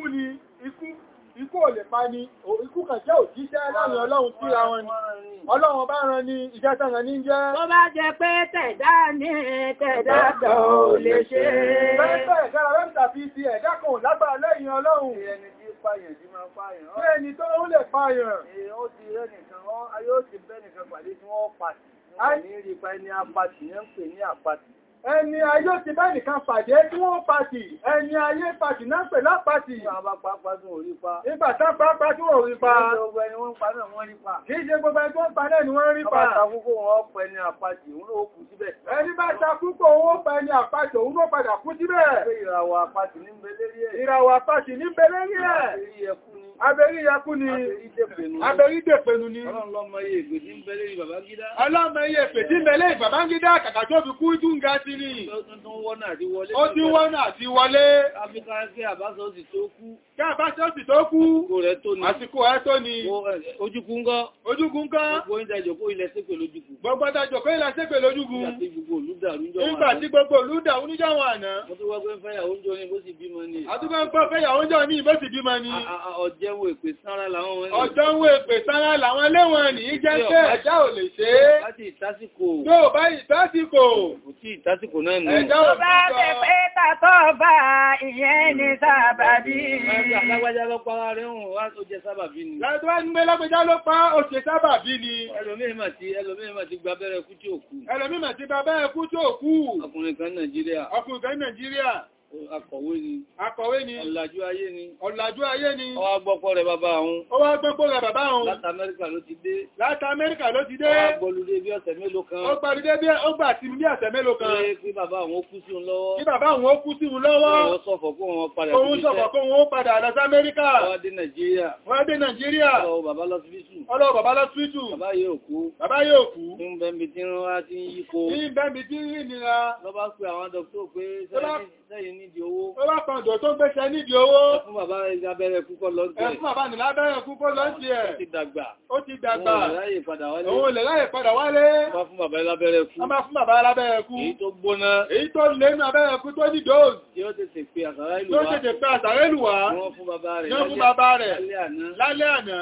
ikú ni ikú ikú ò lè pa ni ikú kan jẹ́ òjíṣẹ́ láàrin ọlọ́run síra wọn ni ọlọ́run bá ran ni ìjẹta ràn ní jẹ́ tó bá jẹ pé tẹ̀dá ní tẹ̀dá kan ò lè ṣe pẹ́pẹ́ ẹ̀dára rẹ́pìtà fi ti ẹ̀dá kan lágbára lẹ́yìn ọlọ́run tí ẹni tó ń lè pààyàn ó ti rẹ́ nìkan ayé ó ti bẹ́ nìkan pàdé tí wọ́n pàtì ní rí pa ẹni apàtì yẹn ń pè ní apàtì ẹni ayé ti bá nìkan pàdé tí wọ́n pàtì ẹni ayé pàtì náà pè lápàtì ìgbàtà pápá tí wọ́n rí pa kìí ṣe gbogbo ẹni wọ́n pa náà ni wọ́n rí pa àtàkùkò wọn pẹ̀ ní àpàtì òun ló kù síbẹ̀ ẹni bá takùkò wọn pẹ̀ ní àpàtì òun ló padà kú síbẹ̀ ìràwọ̀ àpàtì ní ń bẹ̀lẹ́ ìbàbángídá bátìrì ó ti wọ́nà àti wọlé kí àbáṣọ́ sì tó kú àsìkò ẹ tó ni ojúkú ń gọ́ gbogbo ìdájọ̀kó ilẹ̀ sépè lójúkú gbogbo ìdájọ̀kó ilẹ̀ sépè lójúkú nígbà tí gbogbo olúdà oníjọ́wọ̀n àná àtúgbọ́n fẹ́yàwó ń jọ ní bó sì bímọ ni ọjọ́wò èpè sára làwọn ẹlẹ́wọ̀n ní jẹ́ pé ẹjá ò lè ṣe é tó bá ìtásíkò lásìkò náà nù. Tó bá fẹ́ pé tàtọ́ bá ìyẹn ní hmm. sábàbí. ni. Lágbájá ló pa ó jẹ sábàbí ni. Ẹlòmíì mà ti ẹlòmíì mà ti gba abẹ́rẹ́ kú tí ò kú. Ẹlòmíì mà ti gba abẹ́rẹ́ kú tí ò kú. Ọkùnrin kan Nàìjíríà. Ọkùnrin Akọ̀wé ni. Akọ̀wé ni. Ọ̀làjú ayé ni. Ọ̀làjú ayé ni. Ó wá gbọ́pọ̀ rẹ̀ bàbá òun. Ó wá gbọ́pọ̀ rẹ̀ bàbá òun. Láti Amẹ́ríkà ló ti dé. Láti Amẹ́ríkà ló ti dé. Ó wá gbọ́lúdé bí ọ̀sẹ̀ mélòó kan. Ó gbàlúdé bí ó gbà sí bí ọ̀sẹ̀ mélòó kan. Pé kí bàbá òun ó kú sí òun lọ́wọ́. Kí bàbá òun ó kú sí òun lọ́wọ́. Òun sọ̀fọ̀ kó wọn padà. Òun sọ̀fọ̀ kó wọn padà lọ sí Amẹ́ríkà. Wọ́n dé Nàìjíríà. Wọ́n dé Nàìjíríà. Ọlọ́wọ́ bàbá lọ síbítù. Ọlọ́wọ́ bàbá lọ síbítù. Bàbá yóò kú. Bàbá yóò kú. Ń bẹ́mbi tí ń rán wá ti ń yípo. Ń bẹ́mbi ń rìn nídìí owó. Ó bá kan ọ̀dọ̀ tó ń gbéṣẹ́ nídìí owó. Ẹ fún bàbá abẹ́rẹ́ kúkọ́ lọ sí ẹ̀. Ẹ fún bàbá mi lábẹ́rẹ́ kúkọ́ lọ sí ẹ̀. Ó ti dàgbà. Ó ti dàgbà. Òun ò lè ráyè padà wálé. Òun ò lè ráyè padà wálé. Ó bá fún bàbá lábẹ́rẹ́ kú. Ó bá fún bàbá lábẹ́rẹ́ kú. Èyí tó gbóná. Èyí tó lénu abẹ́rẹ́ kú tó ní dóòz. Yóò tètè pe àsàrá ìlú wá. Yóò tètè pe àsàrá ìlú wá. Wọ́n fún bàbá rẹ̀ lálẹ́ àná. Lálẹ́ àná.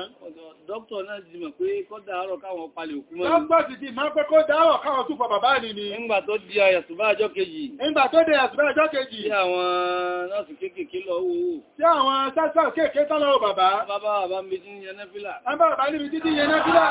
Dókítà náà ti mọ̀ pé kọ́ dàárọ̀ káwọn palẹ̀ òkú mọ́ ni. Dókítà ti ti máa pẹ́ kọ́ dàárọ̀ káwọn tún pa bàbá ni ni. Nígbà tó di àyàtúbá ọjọ́ kejì. Nígbà tó di àyàtúbá ọjọ́ kejì. Bí àwọn láti kéèkéé lọ owó. Tí àwọn sásà kéèkéé tán lọ bàbá. Bàbá bàbá mi ti ń yẹn nẹ́fílà. Bàbá bàbá níbi títí yẹn nẹ́fílà.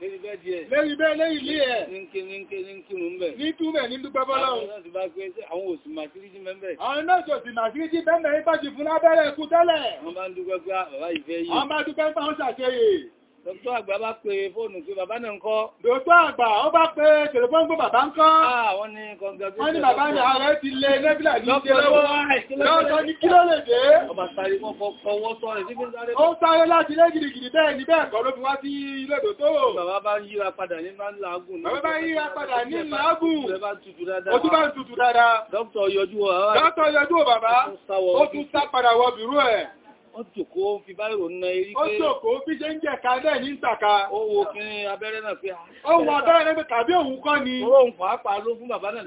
Lérí bẹ́ẹ̀ díẹ̀. Lérí bẹ́ẹ̀ lérí ilé ẹ̀. Nínkí nínkí nínkí mú bẹ̀. Ní túmẹ̀ ní dúpẹ́ bọ́lá òun. Àwọn náà ti bá gbé àwọn òsì màsíríjì mẹ́mbẹ̀. Àwọn náà ti òsì màsíríjì mẹ́mbẹ̀ ń pàjì fún lábẹ́rẹ̀ ẹ̀kú tẹ́lẹ̀. Wọ́n bá ń dúpẹ́ pé ah, bàbá ìfẹ́ yìí. Dókítà àgbà bá pe fóònù pé bàbá náà ń kọ́. Dókítà àgbà ó bá pe tẹlifóònù pé bàbá ń kọ́. Àwọn ah, ni congratulation. Wọ́n ní bàbá ní ààrẹ ti lé Nébílà ní ìṣe lọ́wọ́. Lọ́sọ ní kí ló lè dé? Ọba sáré wọn fọwọ́ sọ rẹ̀ síbi sáré. Ó sáré láti ilé gidigidi bẹ́ẹ̀ ni bẹ́ẹ̀ kọ́ ló fi wá sí ilé dòtó. Bàbá bá ń yíra padà ní máa ń làágùn. Bàbá bá ń yíra padà ní làágùn. Ó tún bá ń tutù dáadáa. Dókítà yọjú ó jòkó ó fi báyìí ná erí pé ó jòkó bí ṣe ń jẹ̀ka bẹ́ẹ̀ ní ìtàkà ó wo fún abẹ́rẹ́ náà fi ah, ó wo abẹ́rẹ́ náà tàbí òun kọ́ ni òun pàápàá ló fún bàbá náà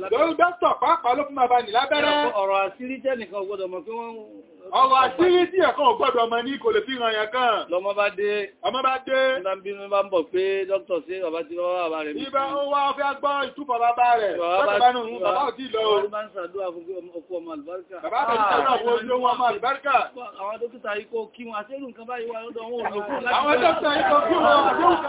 lábẹ́rẹ́ Ọwọ́ àṣírí tí ẹ̀kọ́ ọ̀gbọ́dọ̀ ọmọ ní kò lè fi ràn yàn kan. Lọ́mọ bá dé. Ọmọ bá dé. Nígbà bí mi bá ń bọ̀ pé dókítà sí bàbá tí bàbá bàbá rẹ̀. Ibà ó wá fẹ́ gbọ́ ìtúpọ̀ bàbá rẹ̀. Bàbá bá nù bàbá ò tí lọ. Bàbá bá ń ṣàdúrà fún ọkọ ọmọ àlùbáríkà. Bàbá bá ń ṣàdúrà fún ojú ọmọ àlùbáríkà. Àwọn dókítà yìí kò kí wọn àṣẹ́rù nǹkan báyìí wá lọ́dọ̀ wọn ò lòkù láti. Àwọn dókítà yìí kò kí wọn àṣẹ́rù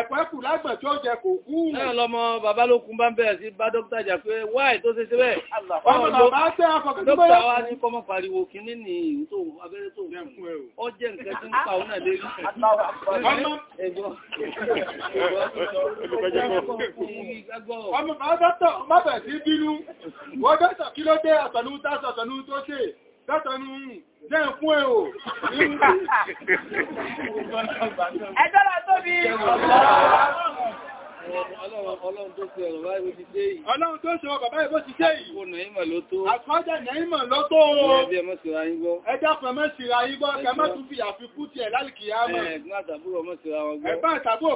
ẹ̀pẹ́ kù lágbọ̀n tí ó jẹ kò kú. Náà lọmọ bàbá ló kún bá ń bẹ̀rẹ̀ sí bá dókítà jà pé wáì tó ṣe ṣe bẹ́ẹ̀. Ọmọ bàbá tẹ́ afọkàn tó bẹ́ẹ̀. Dókítà wa ní kọ́mọ pariwo kínní ní ìlú tó abẹ́rẹ́ tó wù. Ó jẹ́ nǹkan tí ń pa òun náà lérí. Ọmọ bàbá tọ̀ má bẹ̀rẹ̀ sí bínú. Wọ́n dọ́tọ̀ kí ló dé àtọ̀lú tá Dátàní jẹ́ fún ẹ̀ o. Ẹjọ́ lọ tóbi. Ọlọ́run tó ṣe ọ̀rọ̀ báyìí bó ti dé yìí. Ọlọ́run tó ṣe ọ̀rọ̀ báyìí bó ti dé yìí. Àkọ́jà nẹ́ìmọ̀ ló tó. Àkọ́jà nẹ́ìmọ̀ ló tó. Ẹ̀bí ẹmọ́ síra yín gbọ́. Ẹjá fẹ́ mọ́ síra yín gbọ́, kẹ mọ́ tún fi àfikú ti ẹ̀ lálìkì yá mọ̀. Ẹ̀gbọ́n àtàbúrò mọ́ síra wọn gbọ́. wọn gbọ́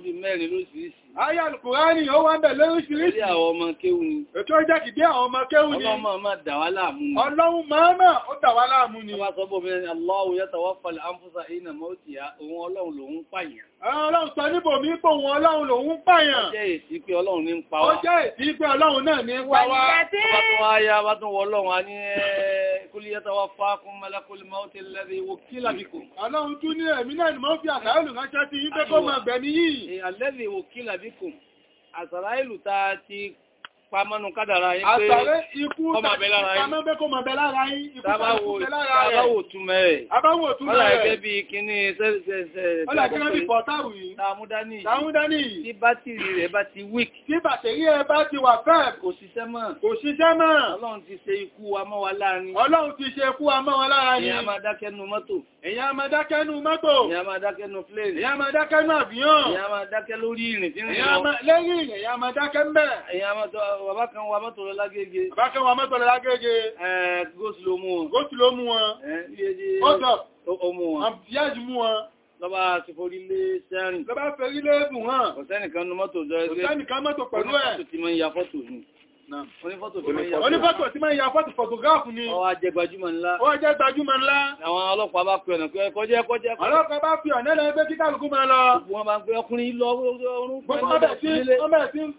bí mẹ́rin lóṣìíṣìí. Ayá alùkùránì ó wá bẹ̀ lóṣìíṣìí. Bí àwọn ọmọ kéwú ni. Ètò ìjẹ́kì bí àwọn ọmọ kéwú ni. Ọlọ́run máa dà wá láàmú ni. Ọlọ́run máa máa ó dà wá láàmú ni. Ọba sọ́bọ̀ mi, Allahu yatawaffal anfusa hina mawtiha, òun ọlọ́run lòun pààyàn. Ọlọ́run sọ níbò mí pé òun ọlọ́run lòun pààyàn. Ó jẹ́ èsì pé ọlọ́run ní ń pa wá. Ó jẹ́ èsì pé ọlọ́run náà ní ń pa wá. Bá tún wá yá, bá tún wọ ọlọ́run a ní eh, kul yatawaffakum malakul mawti alladhi wukila bikum. Ọlọ́run tún ní ẹ̀mí náà ni mo fi àkàrà olùránṣẹ́ ti yí pé kó máa gbẹ̀mí yìí alẹ́dì òkìlà bíkùn àsàráìlù ta ti pàmọ́nù kádàrà yín pé ọmọ abẹ lára yín. Àtàrẹ ikú ọmọ abẹ lára yín. Àbáwò túnmẹ́ rẹ̀. Àbáwò túnmẹ́ rẹ̀. Ọlá ẹgbẹ́ bí kíní sẹ́sẹ̀sẹ̀. Ọlá ẹgbẹ́ bí pọ̀tàrù yìí. Tàmúdání. Tàmúdání. Tí bátìrì rẹ̀ bá ti wík. Tí bàtẹ̀rí ẹ bá ti wà fẹ́. Kò ṣiṣẹ́ mọ́. Kò ṣiṣẹ́ mọ́. Ọlọ́run ti ṣe ikú amọ́ wa lára ni. Ọlọ́run ti ṣe ikú amọ́ wa lára ni. Ìyá máa dákẹ́nu mọ́tò. Ìyá máa dákẹ́nu mọ́tò. Ìyá máa dákẹ́nu plane. Ìyá máa dákẹ́nu àbíyàn. Ìyá máa dákẹ́ lórí ìrìn tí ń rìn lọ. Lẹ́yìn ìyá máa dákẹ́ ń bẹ̀ bàbá kan wa mọ́tò lágége. bàbá kan wa mọ́tò lágége. ẹ̀ góòsì ló mú wọn. góòsì ló mú wọn. ẹ̀ ó mú wọn. àbíyájú mú wọn lọ́bá ti forí lé sẹ́rìn. lọ́bá forí lé bù hàn. ọ̀sẹ́nìkan ní mọ́tò jọ ẹgbẹ́. ọ̀sẹ́nìkan mọ́tò pẹ̀lú ẹ̀. onífọ́tò tí máa ń ya fọ́tò ni. onífọ́tò tí máa ń ya fọ́tò fọ́tògáàfù ni. ọwọ́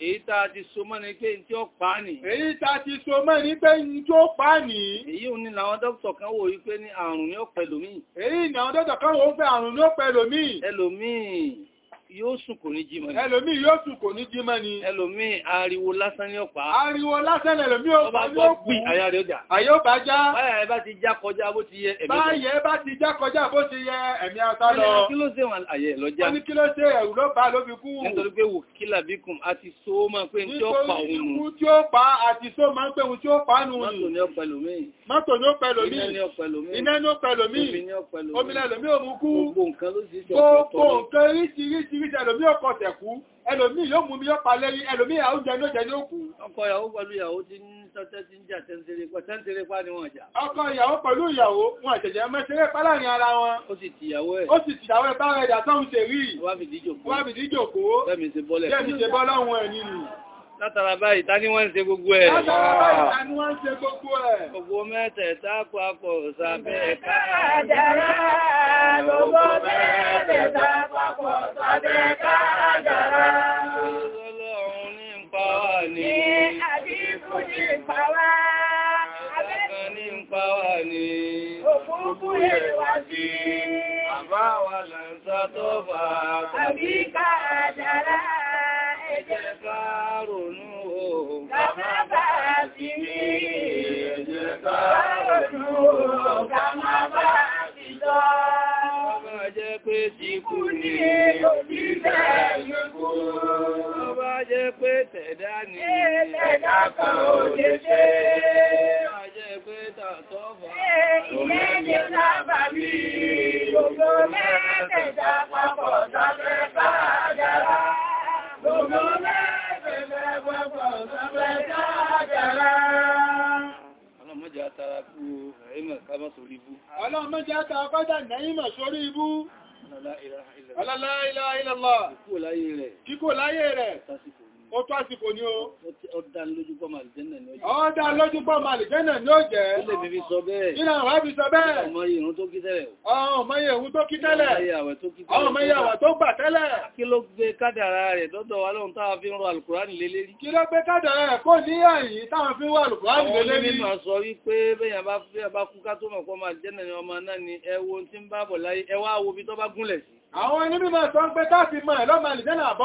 èyí tá a ti so mọ́ ní pé tí ó pa nì. èyí tá a ti so mọ́ ní pé tí ó pa nì. èyí ò ní làwọn dókítà kan wò wípé ní àrùn ni ó pẹ̀lòmíì. èyí ni àwọn dókítà kan wò ó àrùn ni ó pẹ̀lòmíì. ẹlòmíì yóò sùn kò ní jímọ̀ ni. ẹlòmí yóò sùn kò ní jímọ̀ ni. ẹlòmí ariwo lásán ní ọ̀pá. ariwo lásán lẹ̀lòmí ò bá gbọ́ gbì àyà rẹ̀ ọjà. àyà ó bá já. báyà ẹ bá ti já kọjá bó ti yẹ ẹ̀mí. báyà ẹ bá ti kí ló ṣe wọn àyẹ̀ lọ́jà. wọ́n ní kí ló ṣe ẹ̀rù ló bá ló kú. nítorí pé wò kí làbí kun a so máa pé n tí ó pa òun nù. nítorí ni ó pẹ̀lú mi. mọ́tò ni ó pẹ̀lú mi oríṣiríṣi ẹlòmí ọkọ̀ tẹ̀kú ẹlòmí yóò mú mi yóò pa lẹ́yìn ẹlòmí oúnjẹ ló jẹ ló kú. ọkọ ìyàwó pẹ̀lú ìyàwó ti ń sọ́tẹ́ ti ń jà tẹ́ntẹ́rẹ́ pa ni wọ́n jà. ọkọ ìyàwó pẹ̀lú ìyàwó wọn àjẹjẹ mẹ́tẹ́rẹ́ pa láàrin ara wọn. ó sì tìyàwó ẹ̀. ó sì tìyàwó ẹ̀ bá rẹ̀ dà sọ́hun ṣe rí. wá fìdí jòkó. wá fìdí fẹ́mi ṣe bọ́lẹ̀ látara báyìí ta ní wọ́n ń ṣe gbogbo ẹ̀ gbogbo mẹ́tẹ̀ẹ̀ta papọ̀ sábẹ́ kádàrá gbogbo mẹ́tẹ̀ẹ̀ta papọ̀ sábẹ́ kádàrá ọlọ́run ní ń pa wá ní àdínkù ní ń pa wá abẹ́kẹ́ ní ń pa wá ní òkúkú ìrìwá sí kúrò ká má bá àtijọ́. Ọmọ jẹ́ pé síkú ní òbílẹ̀ ìlú. Ọmọ jẹ́ pé tẹ̀dá ní ẹ̀ẹ́dá kan ò lè ṣe. Ọmọ jẹ́ pé tàtọ́fà. Ìyẹ́ ni sábà bí gbogbo mẹ́tẹ̀ẹ̀dá papọ̀ sáfẹ́ bá dára. Gbogbo mẹ́tẹ̀ẹ̀dá. tara kú ẹ̀mọ̀ ká mọ́ sórí ibú. ọlọ́run mọ́ jẹ́ ta kọjá ó tó àsìkò ní o. Ó dá lójú pọ́ màlìjẹ́nà ní ó jẹ́. Ó dá lójú pọ́ màlìjẹ́nà ní ó jẹ́. Ó lè fi fi sọ bẹ́ẹ̀. Kí náà wá fi sọ bẹ́ẹ̀? Ọmọ ìrun tó kí tẹ́lẹ̀. Ọmọ ìrun tó kí tẹ́lẹ̀. Ọmọ ìyàwó tó gbà tẹ́lẹ̀. Kí ló gbé kádàrá rẹ̀ dọ́dọ̀ wa lóhun táwa fi ń rọ àlùkùránì lélẹ́rí? Kí ló gbé kádàrá rẹ̀ kó ní àyí táwa fi ń rọ àlùkùránì lélẹ́rí? Àwọn ọmọ náà tó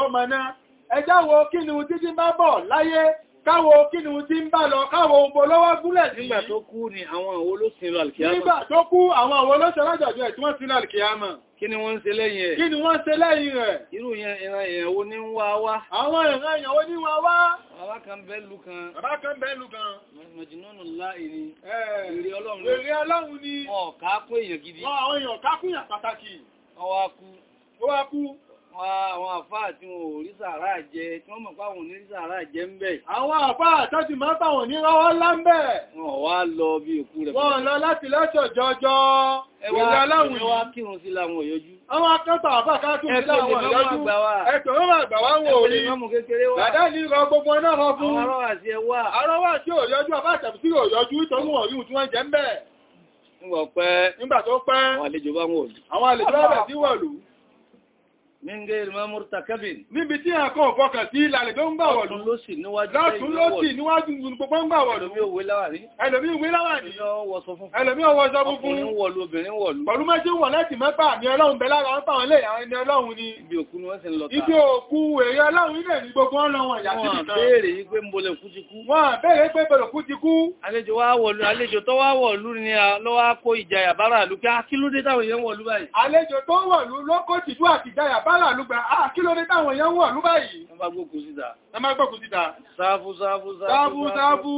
bá gúnlẹ̀ ẹjá wo kí ni ohun títí bá bọ̀ láyé káwo kí ni ohun tí ń bá lọ káwo ogbò lọ́wọ́ gúnlẹ̀ sí nígbà tó kú ni àwọn àwọn olóṣìn lọ alkiyama nígbà tó kú àwọn àwọn olóṣìn lájọ̀jọ́ ẹ̀ tí wọ́n sí lọ alkiyama kí ni wọ́n àwọn àfáà tí wọn ò rí sàárà jẹ tí wọ́n mọ̀ páwọn ní rí sàárà jẹ ń bẹ̀. àwọn àfáà tọ́jú máa bàwọn ní rọ́wọ́ ńlá ń bẹ̀. wọ́n wá lọ bí òkú rẹ̀. wọ́n lọ láti lọ́sọ̀ jọjọ. ẹwà aláwùn yìí. ẹwà kírun sí làwọn òyọjú. àwọn akẹ́kọ̀ọ́ àbá káàkiri sí làwọn òyọjú. ẹ̀tọ́ ló máa gbà wá wò rí. bàdá ní rọ gbogbo náà rọ fún. àrọ́wà sí òyọjú àbá àtàbí sí òyọjú Níngé ìrìnmọ́ Murtakabin. Níbi tí ẹ̀kọ́ ọ̀fọ́kà sí ìlàlẹ̀ tó ń gbà wọ̀lú. Látún ló sì níwájú ẹ̀yìn wọ̀lú. Látún ló sì níwájú gbogbo ń gbà wọ̀lú. Ẹlòmí òwe láwàní. Ẹlòmí òwe láwàní. Ẹlòmí ọwọ́ sọ fúnfún. Ọkùnrin wọ̀lú obìnrin wọ̀lú. Pẹ̀lú méjì wọ̀ láti mẹ́fà ní ọlọ́run bẹ lára ọ́pàá wọn lè àwọn ẹni ọlọ́run ni. Ibi òkú ni wọ́n sì ń lọ ta. Ibi òkú èrè ọlọ́run ilẹ̀ ní gbogbo ọ̀nà wọn yà sí nìkan. Wọ́n béèrè yí pé mbole kú ti kú. Wọ́n béèrè pé mbole kú ti kú. Àlejò wa wọ̀lú àlejò tó wá wọ̀lú ni ló wá kó ìjayà bára àlùkẹ́. Ah, kí ló dé táwọn èèyàn wọ̀lú báyìí? Àlejò tó wọ̀lú ló kó tìjú àtìjayà bá wàhálà lúgbà ah kí ló ní táwọn èèyàn wọ̀ lúgbà yìí wọ́n bá gbókù síta wọ́n bá gbókù síta sáfú sáfú sáfú sáfú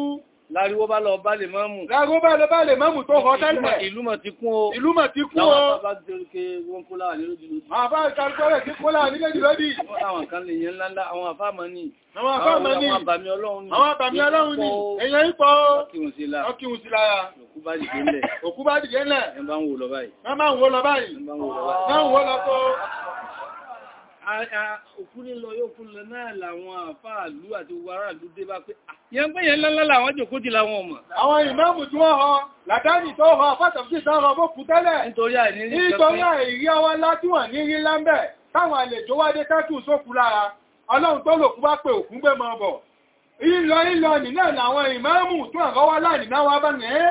láriwó bá lọ bá lè mọ́mù láriwó bá lọ bá lè mọ́mù tó họ tẹ́lẹ̀ ìlúmọ̀ ti kún o ìlúmọ̀ ti kún o láwọn bá jẹ́rìkẹ́ wọ́n kó láà nílòdì àbá ìtàríkọ́rẹ̀ tí kó láà nílòdì lódì àwọn kan lè yẹn ńláńlá àwọn àfáàmọ́ ní àwọn àfáàmọ́ ní àwọn àbàmì ọlọ́run ní èyàn ipò ọkìhùn sí lára òkú bá dìde ńlẹ̀ òkú bá dìde ńlẹ̀ òkúrin lọ yóò kún lọ náà làwọn àfáàlú àti wàrà ló dé bá pé yẹn pé yẹn lọ́lá làwọn jòkó ti láwọn ọmọ. àwọn ìmáàmù tí wọ́n họ làdáni tó họ fásitì tó họ bó kú tẹ́lẹ̀ nítorí àìrí ọwọ́ látúwọ̀n ní rí lámbẹ̀ táwọn àlejò wádé tẹ́kù sókú lára ọlọ́run tó lòkú bá pé òkú gbé mọ́ bọ̀ ìlọ ìlọ nìlẹ̀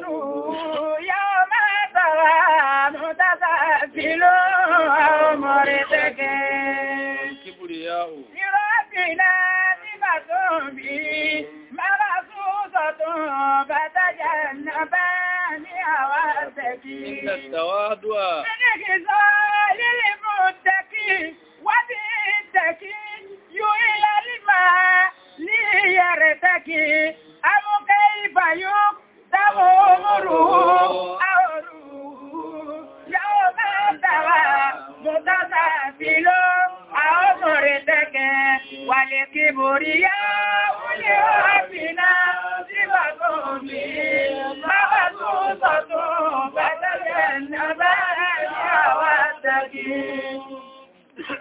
يوم ترى متسافل أو مرتك لربنا صفة به مرصوصة فتجنبا لهواتك إن التواضع من خصال المتقي وبالتقي يؤلى الماء ليرتقي أو كيف يقبل dámọ̀ ọmọrù àọrù yóò bá dáwà mọ́tàtà sí ló àọmọ̀rẹ̀ tẹ́kẹ̀ wà lè kí borí yá wúlé ọ́pìnà sí bàtún mi bàbá tún sọ̀tún bàtàlẹ̀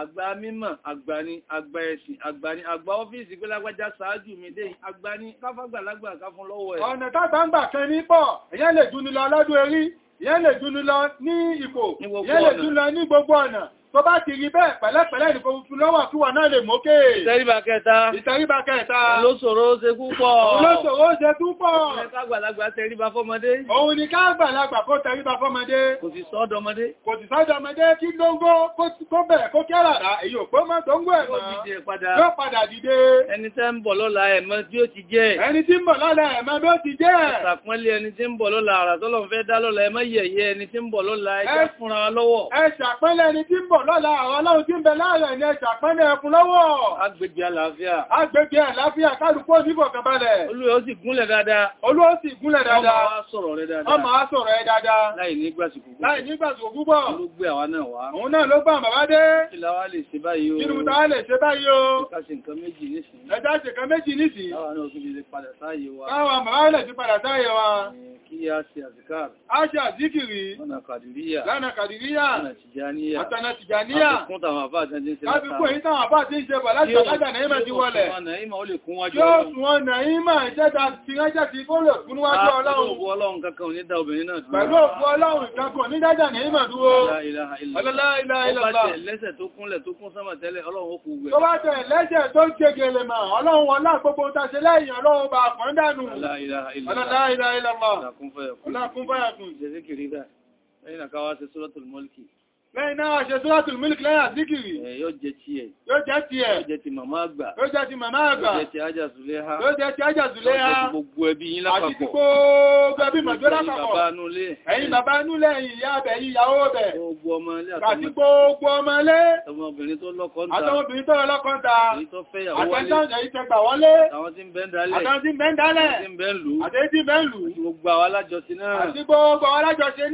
àgbà mímọ̀ àgbà ni àgbà ẹ̀sìn àgbà ni àgbà ọ́fíìsì pé lágbàjá ṣáájú mi dé àgbà ni káfàgbàlagbà ká fún lọ́wọ́ ẹ̀. ọ̀nà tágbà ń gbà kan ní pọ̀ ìyẹn lè dúnilọ lọ́dún erí ìyẹn lè dúnilọ ní ipò ìyẹn lè dúnilọ ní gbogbo ọ̀nà tó bá ti rí bẹ́ẹ̀ pẹ̀lẹ́pẹ̀lẹ́ ìdíkò tuntun lọ́wọ́ tí wà náà lè mókè ìtẹríba kẹta ìtẹríba kẹta olóṣòro ṣe púpọ̀ olóṣòro ṣe púpọ̀ òun ni kágbàlagbà tẹríba fọ́mọdé òun ni kágbàlagbà kó tẹríba fọ́mọdé kò sì sọ́dọmọdé kò sì sọ́dọmọdé kí gbóngbó kó bẹ̀ẹ̀ kó kẹ́ràrá èyí ò gbó mọ́ tó ń gbó ẹ̀mọ́ yóò padà dìde ẹni tẹ́ ń bọ̀ lọ́la ẹ̀mọ́ bí ó bọ̀ lọ́la àwọn aláwọ̀ tí ń bẹ láàrẹ̀ ní ẹjà pẹ́lẹ̀ ẹkùn lọ́wọ́. Agbègbè àlàáfíà. Agbègbè àlàáfíà kálùkù ní ìfọ̀kànbalẹ̀. Olúwa ó sì gúnlẹ̀ dáadáa. Olúwa ó sì gúnlẹ̀ dáadáa. Ọmọ á sọ̀rọ̀ rẹ̀ dáadáa. Ọmọ á sọ̀rọ̀ rẹ̀ dáadáa. Láì nígbàsìkò púpọ̀. Láì nígbàsìkò púpọ̀. Ló gbé àwa náà wá. Òun náà ló bá bàbá dé. Kí la wá lè ṣe báyìí o? Kí ni mo ta wá lè ṣe báyìí o? Ẹ̀ka ṣe nǹkan méjì nísìnyí. Ẹ̀ka ṣe nǹkan méjì nísìnyí. Táwa náà tún lè padà sáàyè wa. Táwa bàbá lè ti padà sáàyè tìjàníyà kábíkún tàwọn àbá àti ń ṣe bàlájà lájà náà ìmẹ̀ ti wọlẹ̀ yóò sùn wọn náà ìmẹ̀ ìjẹta ti ránjẹ́ ti fólè fún níwájú ọlọ́run pẹ̀lú òfú ọlọ́run ìkankan ní dájà náà ìmẹ̀ dúró lẹ́sẹ̀ tó kúnlẹ̀ tó kún sánmà tẹ́lẹ̀ ọlọ́run ó kú gbẹ̀ tó bá tẹ̀ lẹ́sẹ̀ tó kegele mà ọlọ́run ọlá gbogbo tàṣẹ lẹ́yìn ọlọ́run bá kàn dànù ọlọ́run láìláìlọ́mà lẹ́yìn náà ṣe suratul milk lẹ́yà síkìrì yóò jẹ́ ti ẹ̀ yóò jẹ́ ti ẹ̀ yóò jẹ́ ti màmá àgbà yóò jẹ́ ti màmá àgbà yóò jẹ́ ti ajá Zuleha yóò jẹ́ ti ajá Zuleha àti gbogbo ẹbí yín lápapọ̀ àti gbogbo ẹbí màjọ́ lápapọ̀ ẹ̀yin bàbá núlẹ̀ ẹ̀yin ìyá bẹ̀ yín ìyàwó bẹ̀ àti gbogbo ọmọlé àtọmọbìnrin tó lọ́kọ́ ń ta àtẹ́gbà wọlé àtàwọn tí ń bẹ́ ń dálẹ̀ àti tí ń bẹ́ ń lù àti gbogbo àwọn alájọsí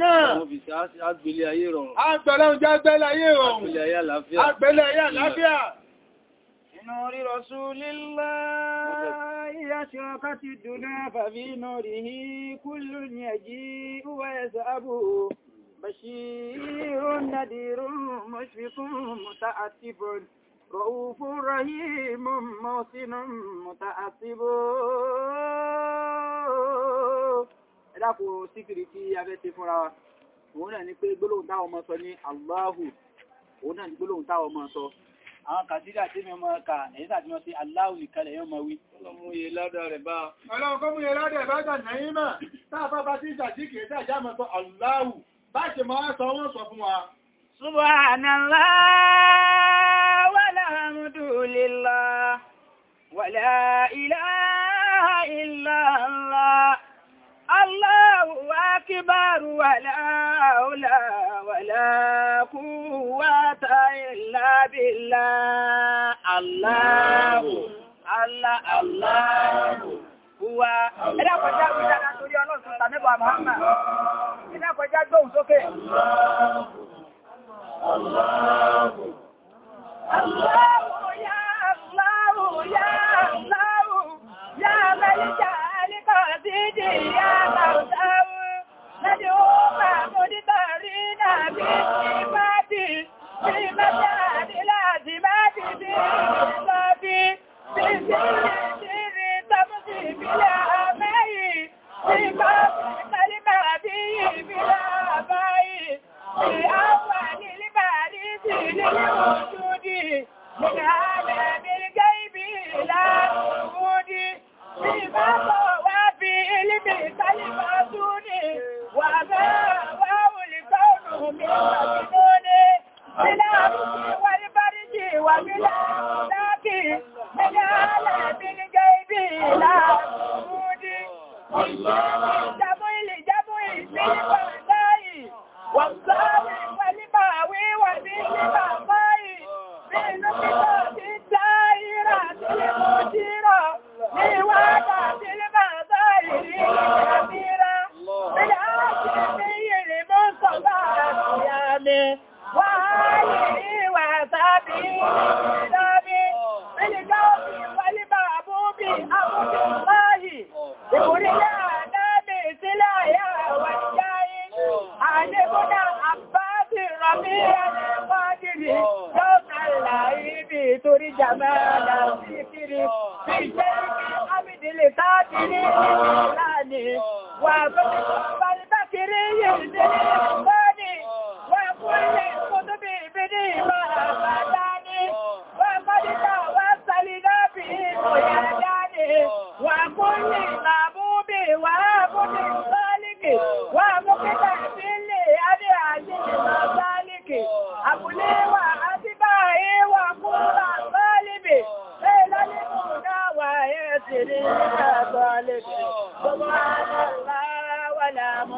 náà Ọlọ́run já gbẹ́lẹ̀ ayé ìrọ̀rùn, agbẹ́lẹ̀ ayé àlàáfíà. Inú rí Rasulullahi ashraqati ad-dunya fabi nurihi kullun yaji'u wa yazhabu bashirun nadirun mushfiqun muta'assibun رؤوف رحيم موطن متعصب ẹ̀dàkùn síkìrì tí a fẹ́ ti fúnra wa òun náà ni pé gbólóhùn táwọn ọmọ sọ ní Allahu òun náà ni gbólóhùn táwọn ọmọ sọ àwọn kàtídà tí mi mọ́ ka èyí tàbí mọ́ sí Allahu nìkan lẹ́yìn ọmọ wí. ọlọ́múye ládàá rẹ̀ bá ọlọ́múye ládàá rẹ̀ bá tà nẹ́yìn mọ́ táàbá bá sí ìjà tí kìí Allah الكبار ولا أولى ولا قوة إلا بالله الله الله الله Wa ẹ̀dá kọjá gbígbà náà torí ọlọ́run tó tàbíbà Mọ́hàmà. Ẹ̀dá kọjá gbóhùn sókè. Allahu, Allahu, ya Allahu, ya Allahu, ya Mẹ́líkà.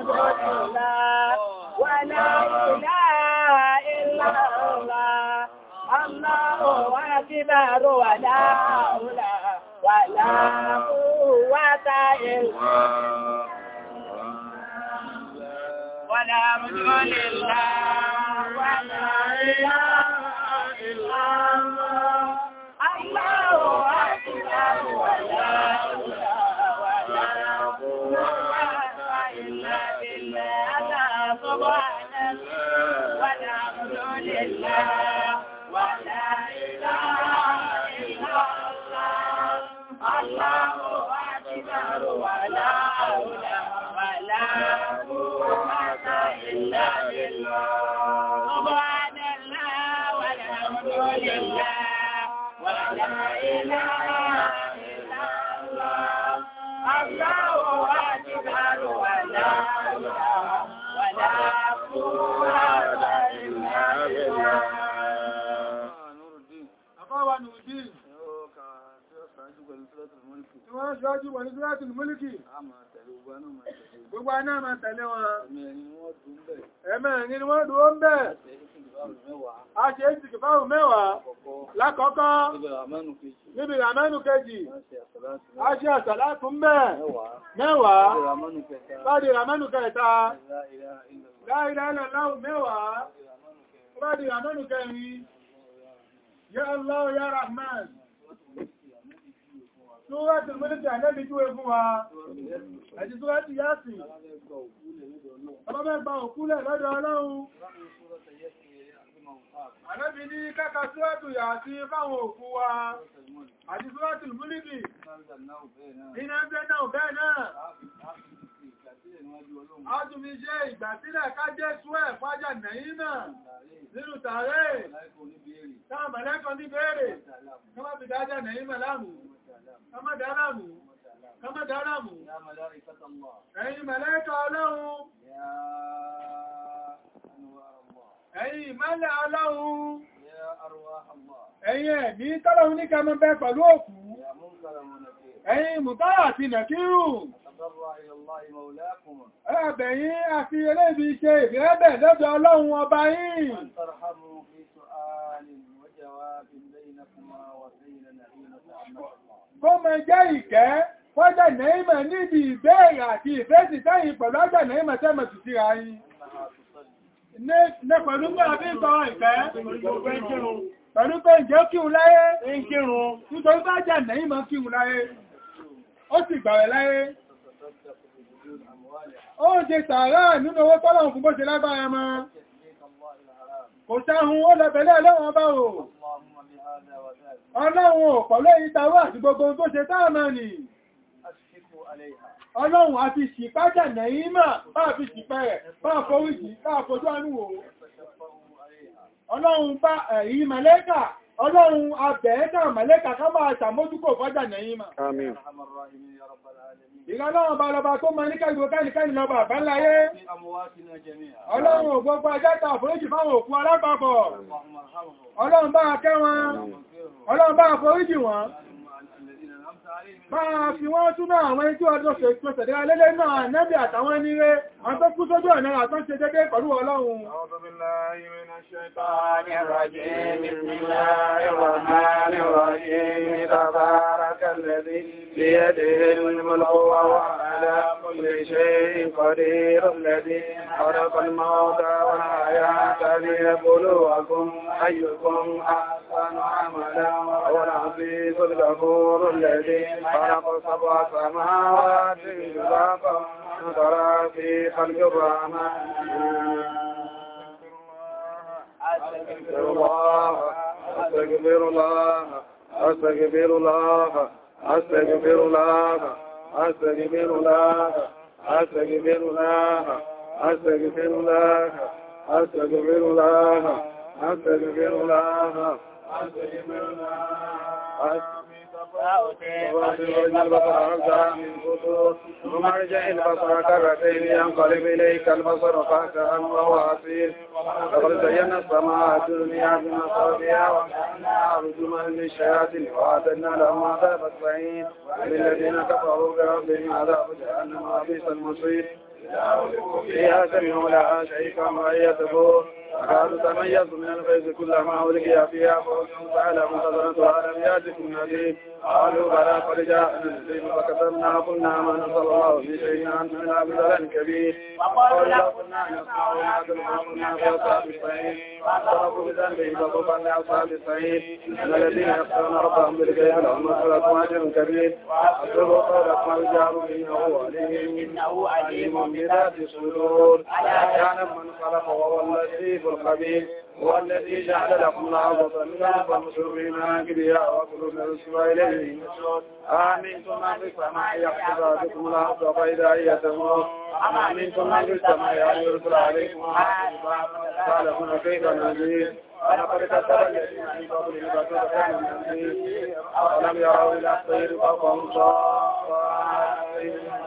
الله ولا إله إلا الله الله أكبر ولا حول ولا قوة إلا ولا ملك لله ولا إله إلا الله Tí wọ́n ṣáájú wà ní Suratul Mulki. Gbogbo aná máa tẹ̀lé wọn. Ẹ̀mẹ́rin ni wọ́n dúró ń bẹ̀. A ṣe é ti kìfáàrù mẹ́wàá. Lákọ́kọ́, níbi ìràmẹ́nu kejì. A ṣe àṣàlátù ń bẹ̀. Mẹ́wàá. Bá di ìràmẹ́nu kẹta. láìláìláìláù mẹ́wàá rádì àmọ́nù kẹrin yá Allah yá Rahman Súwẹ́tì mílítì àlẹ́bí jú egún wa, àti súwẹ́tì yá sí, ọlọ́mẹ́gbà òkúlẹ̀ lọ́dọ̀ ọlọ́run. Àlẹ́bí ní kẹ́kà súwẹ́tì yà sí fáwọn òkú wa, àti súwẹ́tì mílítì, ní ẹgbẹ́ náà bẹ́ẹ̀ Ádùnmí ṣe ìgbàsílẹ̀ kájẹ́ súẹ̀ fájà nẹ̀yìn náà nínú tààrẹ táà mẹ́lẹ́kan ní bèèrè kọmọ́ fi dájá nẹ̀yìn mẹ́láàmù kọmọ́ dáráàmù kọmọ́ dáráàmù ẹ̀yin mẹ́lẹ́kà ọlọ́run ẹ̀yin ìmọ́lẹ̀ ọlọ́run ẹ̀yin ẹ̀mí tọ́lọ́run ní kẹmọ́ bẹ pẹ̀lú òkú ẹ̀yin mùtọ́rà àti nàkírù Ẹ̀bẹ̀yìn àti elébi ṣe ìrẹ́bẹ̀ lọ́dọ̀ Ọlọ́run ọba yìí. Kó mọ jẹ́ ìkẹ́ fọ́jà nẹ́ìmẹ̀ níbi ìbéèrè àti ìfẹ́sì tẹ́yìn pẹ̀lú ọjà nẹ́ìmẹ̀ tẹ́mọ̀ sí síra yìí. Ní pẹ̀lú pé àbí ìtọ́ ìfẹ́, pẹ̀lú pé ìjẹ́ kíhun láyé, nítorí bá jà ó ń ṣe sàárà nínú owó tọ́lọ̀un fún bó ṣe lágbára ma kò sáhun ó lẹ́bẹ̀lẹ́ ọlọ́run bá rò ọlọ́run ò pọ̀lọ́ ìtawó àti gbogbo tó ṣe táàmà nì ọlọ́run àti ṣìpájà nẹ̀yìnmà bá fi ṣìpẹ́ rẹ̀ bá foríjì bá fojú ànúwò ọlọ́run bá ẹ̀yìn ọlọ́run a mẹ́lẹ́kà ká máa ṣàmójúkò fọ́jà nẹ̀yìn mà. ìrànlọ́run balọba tó mọ níkàlù lọ bá láyé ọlọ́run ògbogbo ajẹ́ta àforíjì fáwọn òkú alápapọ̀ ọlọ́run bá kẹ́ wọn ọlọ́run bá àforíjì wọn máa fi wọ́n túnmà àwọn ẹjọ́ ọdún ṣẹ̀dẹ̀ alẹ́lẹ́ náà nẹ́bí àtàwọn ẹni rẹ̀ wọ́n kú sójú ọ̀nà àtọ́ ṣe dédé pẹ̀lú ọlọ́run الذي خلق سبع سماوات طباقا ترى في خلق الرحمن أستغفر الله أستغفر الله أستغفر الله أستغفر الله أستغفر الله أستغفر الله أستغفر الله أستغفر الله أستغفر الله أستغفر الله وأدرج البصر رزعا من فتور ثم ارجع البصر كرتين ينقلب إليك البصر خاسئا وهو حصير لقد زينا السماء الدنيا بمصابيها وجعلناها رجوما للشياطين وأعتدنا لهم عذاب الصعيد وللذين كفروا بربهم عذاب جهنم وبئس المصير فيها سمعوا لها شيئا وهي تفور قالوا تميزوا من الفيز ما ولقي فيها فوج فعلى منتظرتها لم يأتكم نذير قالوا بلى قد جاءنا نذير فكتبنا قلنا ما نزل الله في شيء أنزلنا بذلا كبير لا قلنا نسمع ما كنا في أصحاب الصعيد فاعترفوا بذنبه فطوبى لأصحاب الصعيد إن الذين يخشون ربهم بالغيب لهم مغفرة أجر كبير أصلوا قولك ما يجار إنه عليهم إنه عليم بذات الصدور ألا كان من خلق وهو اللطيف الخبير هو الذي جعل لكم الأرض ظلا فامشوا في مناكبها وكلوا من رزق إليه أمنتم أن في السماء يخسف بكم الأرض فإذا هي تموت أم أمنتم أن في السماء أن يعني يرسل عليكم قال هنا كيف نزيد ولقد كسر الذين من قبلهم فكان من أولم يروا إلى الطير فوقهم صافات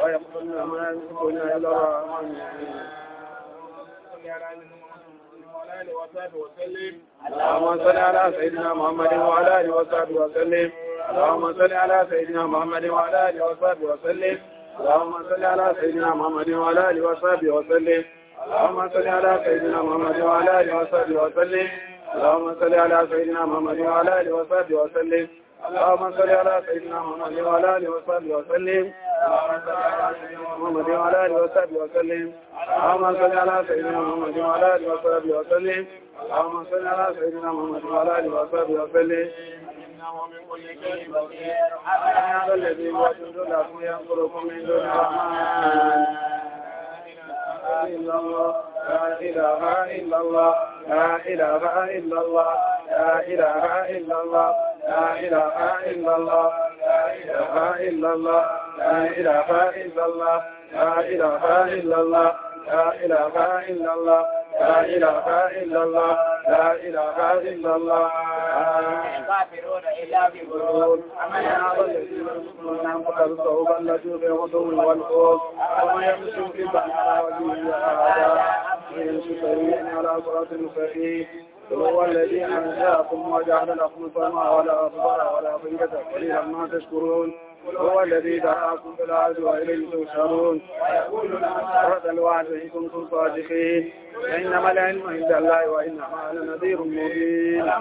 ويقولون ما يمسكون إلا الرحمن على آله وصحبه وسلم اللهم صل على سيدنا محمد وعلى آله وصحبه وسلم اللهم صل على سيدنا محمد وعلى آله وصحبه وسلم اللهم صل على سيدنا محمد وعلى آله وصحبه وسلم اللهم صل على سيدنا محمد وعلى آله وصحبه وسلم اللهم صل على سيدنا محمد وعلى آله وصحبه وسلم اللهم صل على سيدنا محمد وعلى آله وصحبه وسلم محمد وعلى آله وصحبه وسلم اللهم صل على سيدنا محمد وعلى آله وصحبه وسلم اللهم صل على سيدنا محمد وعلى آله وصحبه وسلم هذا الذي هو جند لكم ينصركم من دون الرحمن إلا الله لا إله إلا الله لا إله إلا الله لا إله إلا الله لا إله إلا الله إله إلا الله لا إله إلا الله لا إله إلا الله لا إله إلا الله لا إله إلا الله لا إله إلا الله الكافرون إلا بغرور أمن أضل المسلمون عن قتل صوبا لجوا بغدو والخوف أو يمشوا في البحر وجوه هذا من سبيل على صراط مستقيم هو الذي أنشأكم وجعل لكم السمع ولا أبصار ولا أفئدة قليلا ما تشكرون هو الذي دعاكم في الأرض وإليه تحشرون ويقول الأمثال الوعد إن كنتم صادقين إنما العلم عند الله وإنما أنا نذير مبين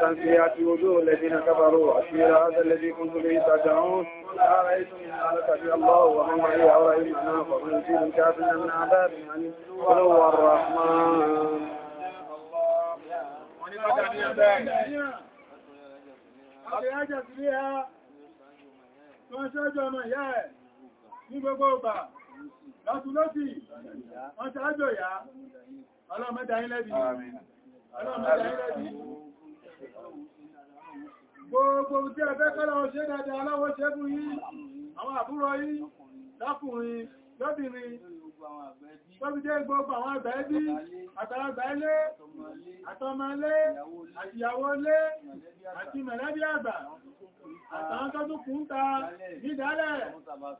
تنسيات وجوه الذين كفروا أشير هذا الذي كنتم به تدعون أرأيتم إن أهلك بي الله ومن معي أو رأينا فمن يجيب الكافرين من عذاب يعني ولو الرحمن Wọ́n ṣáájú ọmọ ìyá ẹ̀ ní gbogbo ọgbà, látúlọ́sì, wọ́n ṣáájú ìyá, ọlọ́mọdá ilẹ̀ bí. Gbogbo tí a fẹ́ kọ́lá ọ̀ṣẹ́ dáadáa aláwọ̀ ṣẹ́gun yìí, àwọn àbúrò yìí, lákùnrin, lóbìnrin, Tọ́bí jẹ́ gbogbo àwọn àgbà ẹbí, àtàràgbà ilé, àtọmọlé, àtìyàwó ilé, àti mẹ̀lẹ́bí àgbà, àtàwọn tó ta ní ìdálẹ̀. Gbogbo àwọn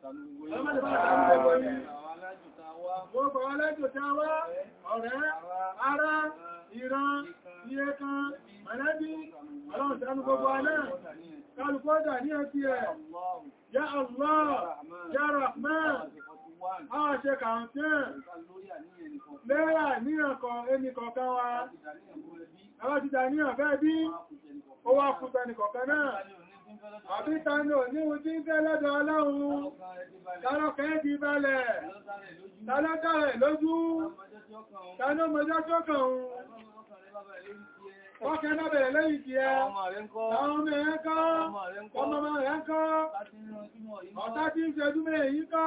alájò tí a kan, gbogbo ẹ̀, Máa ṣe kàǹkẹ́ lẹ́yà ní ọkọ̀ ẹnìkọ̀ọ̀kan wa. Ẹwà ti dà ní ọ̀fẹ́ bí ó wá fún tẹnìkọ̀ọ̀kan náà. Àbíta ní òníwú tí ń fẹ́ lọ́dọ̀ ọlọ́run, tàlọ́kẹ́ ti balẹ̀, tàlọ́kẹ́ lójú, tàlọ́mọjọ́ tó kàn Ọkẹ́ náà bẹ̀rẹ̀ lẹ́yìn tí ẹ, àwọn ọmọ ẹ̀ kọ́, ọmọ ọmọ ẹ̀ kọ́, ọ̀tá tí ń ṣẹ́dúmẹ̀ èyí kọ́,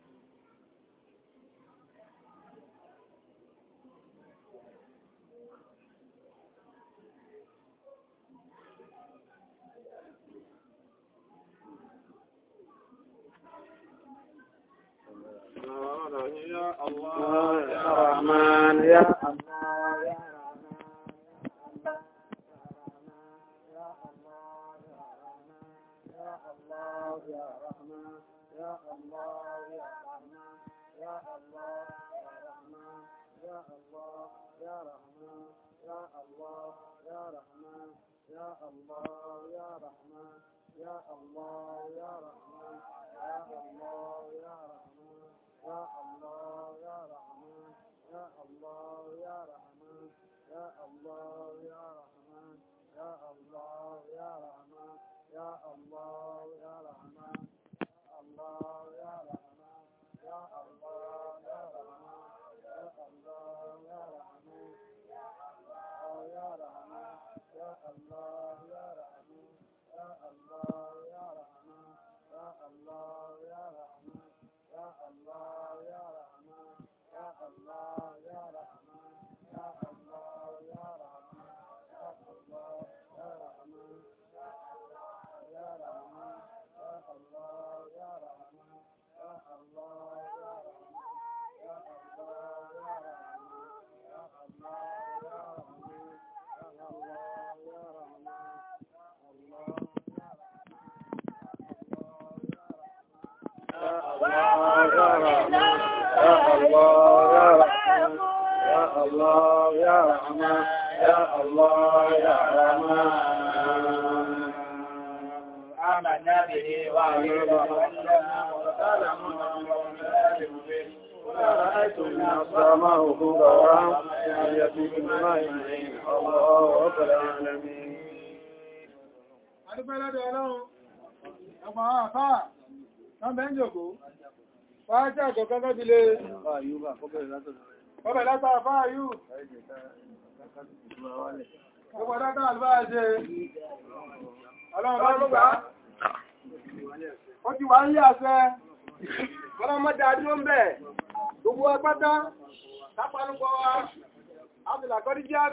رحمن يا يا الله يا رحمن يا الله يا رحمن يا الله يا رحمن يا الله يا رحمن يا الله يا رحمن يا الله يا رحمن يا الله يا رحمن يا الله يا رحمن رأيتم النصر معه ضرعا يأتيكم ما يمعين الله رب العالمين Adúgbẹ́lẹ́dẹ̀ ọlọ́run, ọmọ àfáà, tán bẹ́ ń jòkó, wáá jẹ́ àjọ gẹ́gẹ́ bí lè ọbẹ̀ látà àfáà yú. Gbogbo dáadáa àlúbáà jẹ́, ọlọ́run bá gbogbo ó ti wà ń yí àṣẹ ọlọ́mọdé adúró ń bẹ̀ gbogbo ẹgbẹ́ta lápárúkọ wa ábìlàkọ́díjá